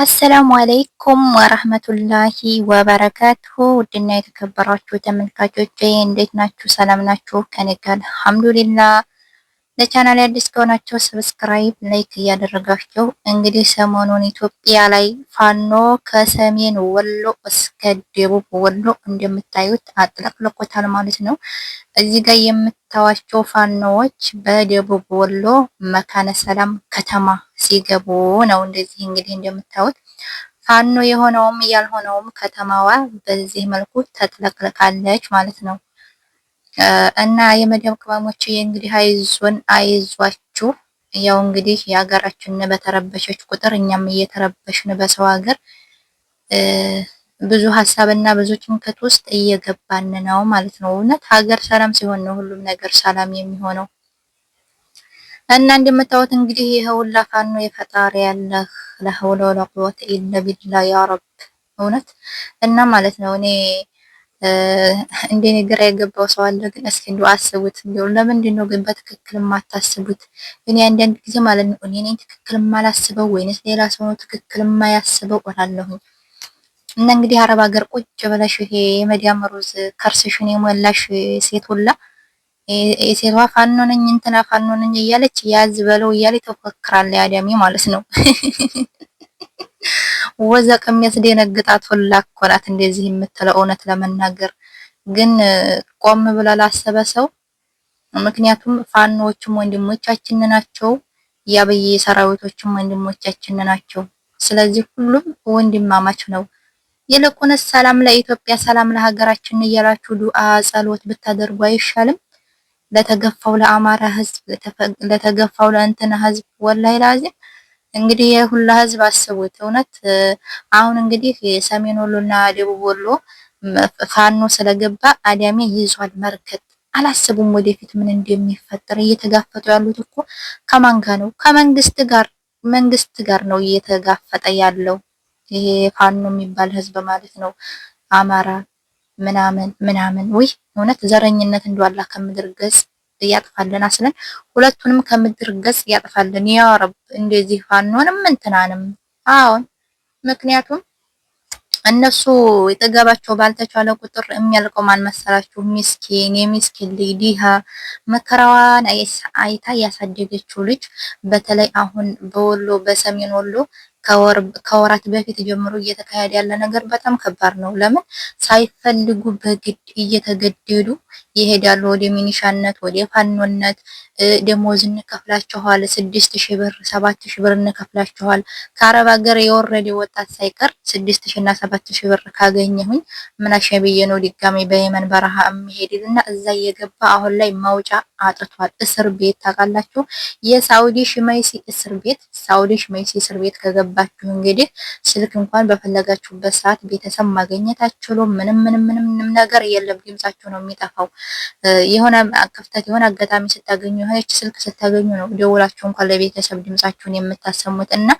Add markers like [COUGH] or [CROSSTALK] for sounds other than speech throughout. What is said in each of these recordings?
አሰላሙ አለይኩም ወራህመቱላሂ ወበረካቱሁ ውድና የተከበራችሁ ተመልካቾች እንዴት ናችሁ? ሰላም ናችሁ? ከኔ አልሐምዱሊላህ ለቻናል አዲስ ከሆናቸው ሰብስክራይብ፣ ላይክ እያደረጋቸው እንግዲህ ሰሞኑን ኢትዮጵያ ላይ ፋኖ ከሰሜን ወሎ እስከ ደቡብ ወሎ እንደምታዩት አጥለቅልቆታል ማለት ነው። እዚህ ጋር የምታዋቸው ፋኖዎች በደቡብ ወሎ መካነ ሰላም ከተማ ሲገቡ ነው። እንደዚህ እንግዲህ እንደምታዩት ፋኖ የሆነውም ያልሆነውም ከተማዋ በዚህ መልኩ ተጥለቅልቃለች ማለት ነው። እና የመዲያም ቅመሞች እንግዲህ አይዞን አይዟችሁ። ያው እንግዲህ የሀገራችን በተረበሸች ቁጥር እኛም እየተረበሽን በሰው ሀገር ብዙ ሀሳብ ብዙ ጭንቀት ውስጥ እየገባን ነው ማለት ነው። እውነት ሀገር ሰላም ሲሆን ነው ሁሉም ነገር ሰላም የሚሆነው። እና እንደምታዩት እንግዲህ ይኸውላ ፋኖ የፈጣሪ ያለህ ላ ሐውለ ወላ ቁወተ ኢላ ቢላህ ያ ረብ እውነት እና ማለት ነው እኔ እንዴ ግራ የገባው ሰው አለ። ግን እስኪ እንደው አስቡት፣ እንደው ለምንድን ነው ግን በትክክል ማታስቡት? እኔ አንዳንድ ጊዜ ማለት ነው እኔ ነኝ ትክክል ማላስበው ወይንስ ሌላ ሰው ነው ትክክል ማያስበው እላለሁኝ። እና እንግዲህ አረብ ሀገር ቁጭ ብለሽ ይሄ የመዲያም ሩዝ ከርስሽን የሞላሽ ሴት ሁላ የሴቷ ፋኖ ነኝ እንትና ፋኖ ነኝ እያለች ያዝ በለው እያለች ተፎክራለች። አዳሜ ማለት ነው [LAUGHS] ወዘቅ የሚያስደነግጣት ሁላ እኮ ናት እንደዚህ የምትለው እውነት ለመናገር ግን ቆም ብሎ ላሰበ ሰው ምክንያቱም ፋኖዎችም ወንድሞቻችን ናቸው፣ የአብይ ሰራዊቶችም ወንድሞቻችን ናቸው። ስለዚህ ሁሉም ወንድማማች ነው። ይልቁንስ ሰላም ለኢትዮጵያ፣ ሰላም ለሀገራችን እያላችሁ ዱአ ጸሎት ብታደርጉ አይሻልም? ለተገፋው ለአማራ ህዝብ፣ ለተገፋው ለእንትና ህዝብ ወላይ ላዚም እንግዲህ የሁላ ህዝብ አስቡት። እውነት አሁን እንግዲህ ሰሜን ወሎና ደቡብ ወሎ ፋኖ ስለገባ አዳሜ ይዟል መርከት አላስቡም። ወደፊት ምን እንደሚፈጠር እየተጋፈጡ ያሉት እኮ ከማን ጋር ነው? ከመንግስት ጋር መንግስት ጋር ነው እየተጋፈጠ ያለው ይሄ ፋኖ የሚባል ህዝብ ማለት ነው። አማራ ምናምን ምናምን ወይ እውነት ዘረኝነት እንደዋላ ከምድር ገጽ ያጥፋልን፣ አስለን ሁለቱንም ከምድር ገጽ ያጥፋልን ያ ረብ። እንደዚህ ፋኖንም እንትናንም አሁን ምክንያቱም እነሱ የጠገባቸው ባልተቻለ ቁጥር የሚያልቀው ማን መሰላችሁ? ሚስኪን የሚስኪን ልጅ ዲሃ መከራዋን አይታ ያሳደገችው ልጅ በተለይ አሁን በወሎ በሰሜን ወሎ ከወራት በፊት ጀምሮ እየተካሄደ ያለ ነገር በጣም ከባድ ነው። ለምን ሳይፈልጉ በግድ እየተገደዱ ይሄዳሉ ወደ ሚኒሻነት፣ ወደ ፋኖነት። ደሞዝ እንከፍላችኋል፣ ስድስት ሺህ ብር፣ ሰባት ሺህ ብር እንከፍላችኋል። ከአረብ ሀገር የወረደ ወጣት ሳይቀር ስድስት ሺህ እና ሰባት ሺህ ብር ካገኘሁኝ ምን ብዬ ነው ድጋሜ በየመን በረሃ የሚሄድል እና እዛ እየገባ አሁን ላይ ማውጫ አጥቷል። እስር ቤት ታውቃላችሁ፣ የሳውዲ ሽመይሲ እስር ቤት ሳውዲ ሽመይሲ እስር ቤት ከገባ ያለባችሁ እንግዲህ ስልክ እንኳን በፈለጋችሁበት ሰዓት ቤተሰብ ማግኘት አትችሉም። ምንም ምንም ምንም ምንም ነገር የለም። ድምጻችሁ ነው የሚጠፋው። የሆነ ክፍተት የሆነ አጋጣሚ ስታገኙ የሆነች ስልክ ስታገኙ ነው ደውላችሁ እንኳን ለቤተሰብ ድምጻችሁን የምታሰሙት እና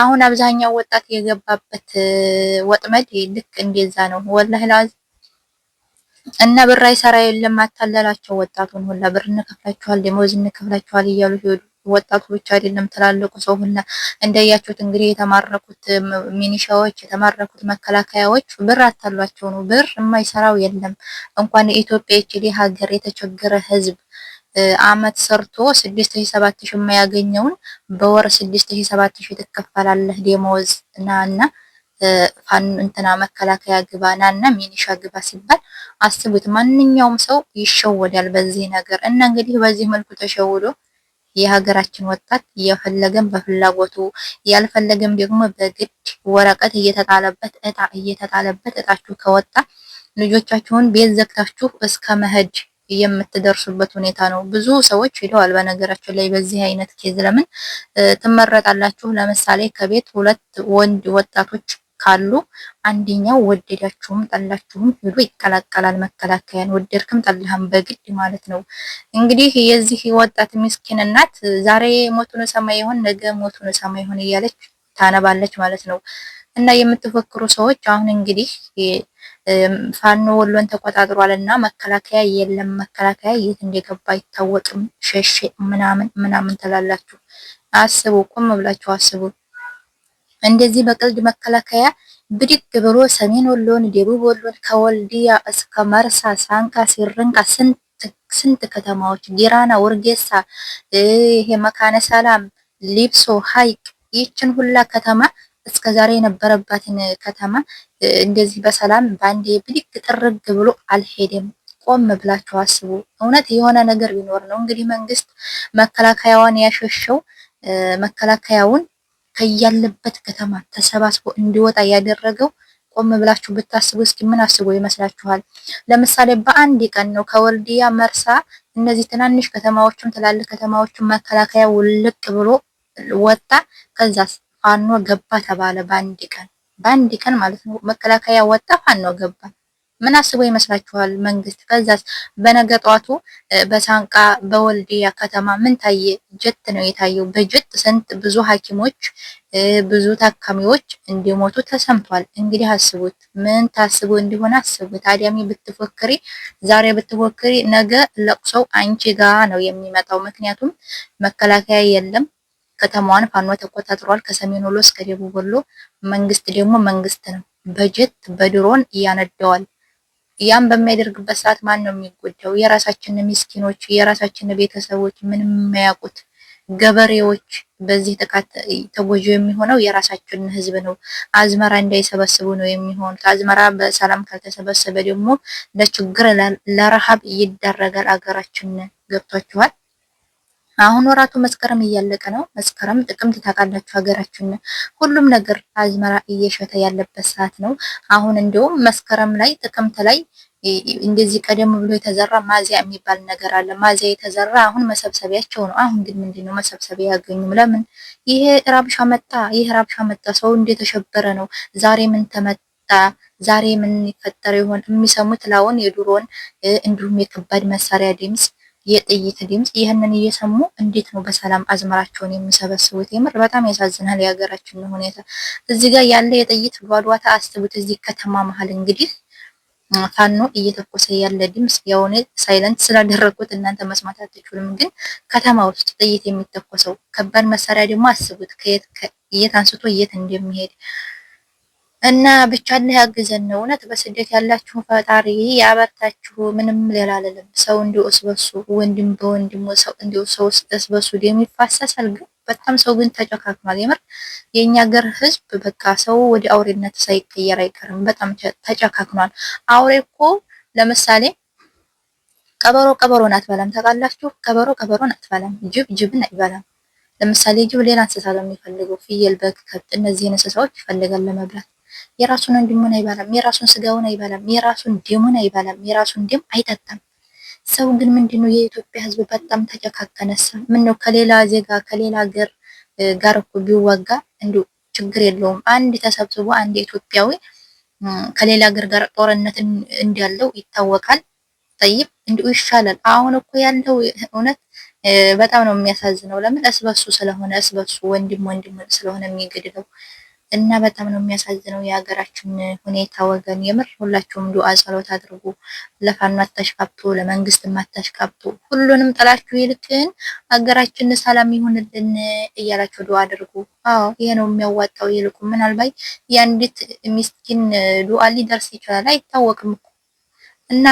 አሁን አብዛኛው ወጣት የገባበት ወጥመድ ልክ እንደዛ ነው። ወላሂ ላዚ እና ብር አይሰራ የለም። አታለላቸው ወጣቱን ሁላ ብር እንከፍላችኋል፣ ደሞዝ እንከፍላችኋል እያሉ ሄዱ። ወጣቱ ብቻ አይደለም ትላልቁ ሰው ሁላ እንዳያችሁት እንግዲህ የተማረኩት ሚኒሻዎች የተማረኩት መከላከያዎች ብር አታሏቸው ነው። ብር የማይሰራው የለም። እንኳን የኢትዮጵያ ይችል ሀገር የተቸገረ ህዝብ አመት ሰርቶ 6700 የማያገኘውን በወር 6700 ትከፈላለህ ደመወዝ እናና ፋን እንትና መከላከያ ግባ ናና ሚኒሻ ግባ ሲባል አስቡት። ማንኛውም ሰው ይሸወዳል በዚህ ነገር እና እንግዲህ በዚህ መልኩ ተሸውዶ የሀገራችን ወጣት የፈለገም በፍላጎቱ ያልፈለገም ደግሞ በግድ ወረቀት እየተጣለበት እጣ እየተጣለበት እጣችሁ ከወጣ ልጆቻችሁን ቤት ዘግታችሁ እስከ መሄድ የምትደርሱበት ሁኔታ ነው። ብዙ ሰዎች ሄደዋል። በነገራችን ላይ በዚህ አይነት ኬዝ ለምን ትመረጣላችሁ? ለምሳሌ ከቤት ሁለት ወንድ ወጣቶች ካሉ አንደኛው ወደዳችሁም ጠላችሁም ሄዱ ይቀላቀላል መከላከያን። ወደድክም ጠላህም በግድ ማለት ነው። እንግዲህ የዚህ ወጣት ምስኪን እናት ዛሬ ሞቱን ሰማይ ይሆን ነገ ሞቱን ሰማይ ይሆን እያለች ታነባለች ማለት ነው። እና የምትፈክሩ ሰዎች አሁን እንግዲህ ፋኖ ወሎን ተቆጣጥሯል እና መከላከያ የለም፣ መከላከያ የት እንደገባ አይታወቅም፣ ሸሼ ምናምን ምናምን ትላላችሁ። አስቡ፣ ቁም ብላችሁ አስቡ። እንደዚህ በቀልድ መከላከያ ብድግ ብሎ ሰሜን ወሎን፣ ደቡብ ወሎን ከወልዲያ እስከ መርሳ፣ ሳንቃ፣ ሲርንቃ ስንት ከተማዎች ጊራና፣ ወርጌሳ፣ ይሄ መካነ ሰላም፣ ሊብሶ፣ ሀይቅ ይችን ሁላ ከተማ እስከ ዛሬ የነበረባትን ከተማ እንደዚህ በሰላም በአንዴ ብድግ ጥርግ ብሎ አልሄደም። ቆም ብላችሁ አስቡ። እውነት የሆነ ነገር ቢኖር ነው እንግዲህ መንግስት መከላከያዋን ያሸሸው መከላከያውን ከያለበት ከተማ ተሰባስቦ እንዲወጣ ያደረገው ቆም ብላችሁ ብታስቡ እስኪ ምን አስቦ ይመስላችኋል? ለምሳሌ በአንድ ቀን ነው ከወልዲያ መርሳ፣ እነዚህ ትናንሽ ከተማዎችም ትላልቅ ከተማዎችም መከላከያ ውልቅ ብሎ ወጣ። ከዛ ፋኖ ገባ ተባለ። በአንድ ቀን በአንድ ቀን ማለት ነው መከላከያ ወጣ፣ ፋኖ ገባ። ምን አስቦ ይመስላችኋል መንግስት? ከዛስ በነገ ጠዋቱ በሳንቃ በወልዲያ ከተማ ምን ታየ? ጀት ነው የታየው። በጀት ስንት ብዙ ሐኪሞች ብዙ ታካሚዎች እንዲሞቱ ተሰምቷል። እንግዲህ አስቡት፣ ምን ታስቦ እንዲሆነ አስቡት። አዳሚ ብትፎክሪ፣ ዛሬ ብትፎክሪ፣ ነገ ለቅሶው አንቺ ጋ ነው የሚመጣው። ምክንያቱም መከላከያ የለም። ከተማዋን ፋኖ ተቆጣጥሯል፣ ከሰሜን ወሎ እስከ ደቡብ ወሎ። መንግስት ደግሞ መንግስት ነው። በጀት በድሮን እያነደዋል። ያን በሚያደርግበት ሰዓት ማን ነው የሚጎዳው? የራሳችን ምስኪኖች፣ የራሳችን ቤተሰቦች፣ ምንም የማያውቁት ገበሬዎች። በዚህ ጥቃት ተጎጂ የሚሆነው የራሳችን ህዝብ ነው። አዝመራ እንዳይሰበስቡ ነው የሚሆኑት። አዝመራ በሰላም ካልተሰበሰበ ደግሞ ለችግር ለረሃብ ይዳረጋል። አገራችን ገብቷችኋል። አሁን ወራቱ መስከረም እያለቀ ነው። መስከረም ጥቅምት ታውቃላችሁ፣ ሀገራችን ሁሉም ነገር አዝመራ እየሸተ ያለበት ሰዓት ነው። አሁን እንዲሁም መስከረም ላይ ጥቅምት ላይ እንደዚህ ቀደም ብሎ የተዘራ ማዚያ የሚባል ነገር አለ። ማዚያ የተዘራ አሁን መሰብሰቢያቸው ነው። አሁን ግን ምንድነው መሰብሰቢያ ያገኙም? ለምን ይሄ ራብሻ መጣ፣ ይሄ ራብሻ መጣ፣ ሰው እንደተሸበረ ነው። ዛሬ ምን ተመጣ፣ ዛሬ ምን ይፈጠረ ይሆን? የሚሰሙት ላውን የድሮን እንዲሁም የከባድ መሳሪያ ድምፅ የጥይት ድምፅ ይህንን እየሰሙ እንዴት ነው በሰላም አዝመራቸውን የሚሰበስቡት? የምር በጣም ያሳዝናል የሀገራችን ሁኔታ። እዚህ ጋር ያለ የጥይት ጓዷታ አስቡት። እዚህ ከተማ መሀል እንግዲህ ፋኖ እየተኮሰ ያለ ድምፅ የሆነ ሳይለንት ስላደረግኩት እናንተ መስማት አትችሉም፣ ግን ከተማ ውስጥ ጥይት የሚተኮሰው ከባድ መሳሪያ ደግሞ አስቡት ከየት ከየት አንስቶ የት እንደሚሄድ እና ብቻ አላህ ያግዘን ነው እውነት። በስደት ያላችሁ ፈጣሪ ያበርታችሁ። ምንም ሌላ አይደለም። ሰው እንዲሁ እስበሱ ወንድም በወንድም ሰው እንዲሁ ሰው እስበሱ ደም ይፋሰሳል። ግን በጣም ሰው ግን ተጨካክኗል። የምር የኛ ሀገር ሕዝብ በቃ ሰው ወደ አውሬነት ሳይቀየር አይቀርም። በጣም ተጨካክኗል። አውሬ እኮ ለምሳሌ ቀበሮ ቀበሮን አትበላም። ታውቃላችሁ? ቀበሮ ቀበሮን አትበላም። ጅብ ጅብን አይበላም። ለምሳሌ ጅብ ሌላ እንስሳ ነው የሚፈልገው። ፍየል፣ በግ፣ ከብት እነዚህን እንስሳዎች ይፈልጋል ለመብላት የራሱን ወንድሙን አይበላም፣ የራሱን ስጋውን አይበላም፣ የራሱን ደሙን አይበላም፣ የራሱን ደም አይጠጣም። ሰው ግን ምንድነው የኢትዮጵያ ሕዝብ በጣም ተጨካከነሳ። ምነው ከሌላ ዜጋ ከሌላ ሀገር ጋር እኮ ቢዋጋ እንዲሁ ችግር የለውም። አንድ ተሰብስቦ አንድ ኢትዮጵያዊ ከሌላ ሀገር ጋር ጦርነት እንዳለው ይታወቃል። ጠይብ እንዲሁ ይሻላል። አሁን እኮ ያለው እውነት በጣም ነው የሚያሳዝነው። ለምን እስበሱ ስለሆነ እስበሱ ወንድም ወንድም ስለሆነ የሚገድለው እና በጣም ነው የሚያሳዝነው የሀገራችን ሁኔታ ወገን። የምር ሁላችሁም ዱአ ጸሎት አድርጉ። ለፋኖ አታሽካብቶ ለመንግስት አታሽካብቶ ሁሉንም ጥላችሁ ይልቅን ሀገራችን ሰላም ይሁንልን እያላችሁ ዱአ አድርጉ። አዎ ይሄ ነው የሚያዋጣው። ይልቁ ምናልባት የአንዲት ሚስኪን ዱአ ሊደርስ ይችላል አይታወቅም እኮ እና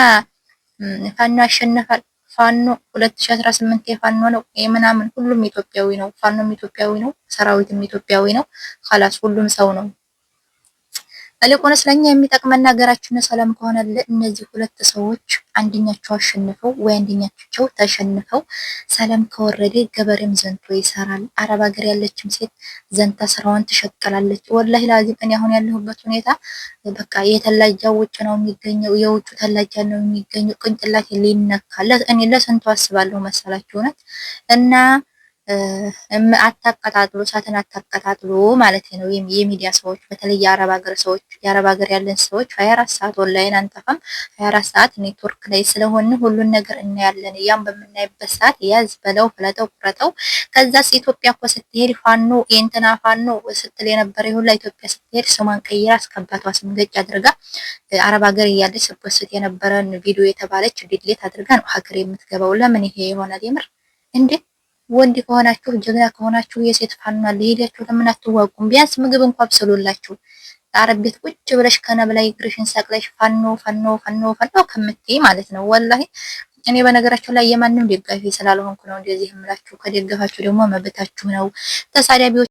ፋኖ አሸነፋል። ፋኖ 2018 የፋኖ ነው የምናምን ሁሉም ኢትዮጵያዊ ነው። ፋኖም ኢትዮጵያዊ ነው፣ ሰራዊትም ኢትዮጵያዊ ነው። ካላስ ሁሉም ሰው ነው። ይልቁንስ ለእኛ የሚጠቅመን ሀገራችን ሰላም ከሆነ እነዚህ ሁለት ሰዎች አንደኛቸው አሸንፈው ወይ አንደኛቸው ተሸንፈው ሰላም ከወረደ ገበሬም ዘንቶ ይሰራል። አረብ ሀገር ያለችም ሴት ዘንታ ስራዋን ትሸቀላለች። ወላሂ ላዚም እኔ አሁን ያለሁበት ሁኔታ በቃ የተላጃው ውጭ ነው የሚገኘው፣ የውጭ ተላጃ ነው የሚገኘው። ቅንጭላት ሊነካለት እኔ ለስንቱ አስባለሁ መሰላችሁ እውነት እና አታቀጣጥሎ እሳትን አታቀጣጥሎ ማለት ነው። የሚዲያ ሰዎች በተለይ የአረብ ሀገር ሰዎች የአረብ ሀገር ያለን ሰዎች 24 ሰዓት ኦንላይን አንጠፋም። 24 ሰዓት ኔትወርክ ላይ ስለሆነ ሁሉን ነገር እናያለን። እያም በምናይበት ሰዓት ያዝ በለው ፍለጠው፣ ቁረጠው። ከዛስ ኢትዮጵያ እኮ ስትሄድ ፋኖ የእንትና ፋኖ ስትል የነበረ ይሁላ ኢትዮጵያ ስትሄድ ስሟን ቀይራ አስከባቷ ስምገጭ አድርጋ አረብ ሀገር እያለች ስትወስድ የነበረን ቪዲዮ የተባለች ዲሌት አድርጋ ነው ሀገር የምትገባው። ለምን ይሄ ይሆናል? የምር እንዴ ወንድ ከሆናችሁ ጀግና ከሆናችሁ የሴት ፋኗ ለሄዳችሁ ለምን አትዋጉም? ቢያንስ ምግብ እንኳ ብሰሉላችሁ። አረብ ቤት ቁጭ ብለሽ ከነብ ላይ እግርሽን ሰቅለሽ ፋኖ ፋኖ ፋኖ ፋኖ ከምትይ ማለት ነው። ወላሂ እኔ በነገራችሁ ላይ የማንም ደጋፊ ስላልሆንኩ ነው እንደዚህ የምላችሁ። ከደገፋችሁ ደግሞ መብታችሁ ነው። ተሳዳቢዎች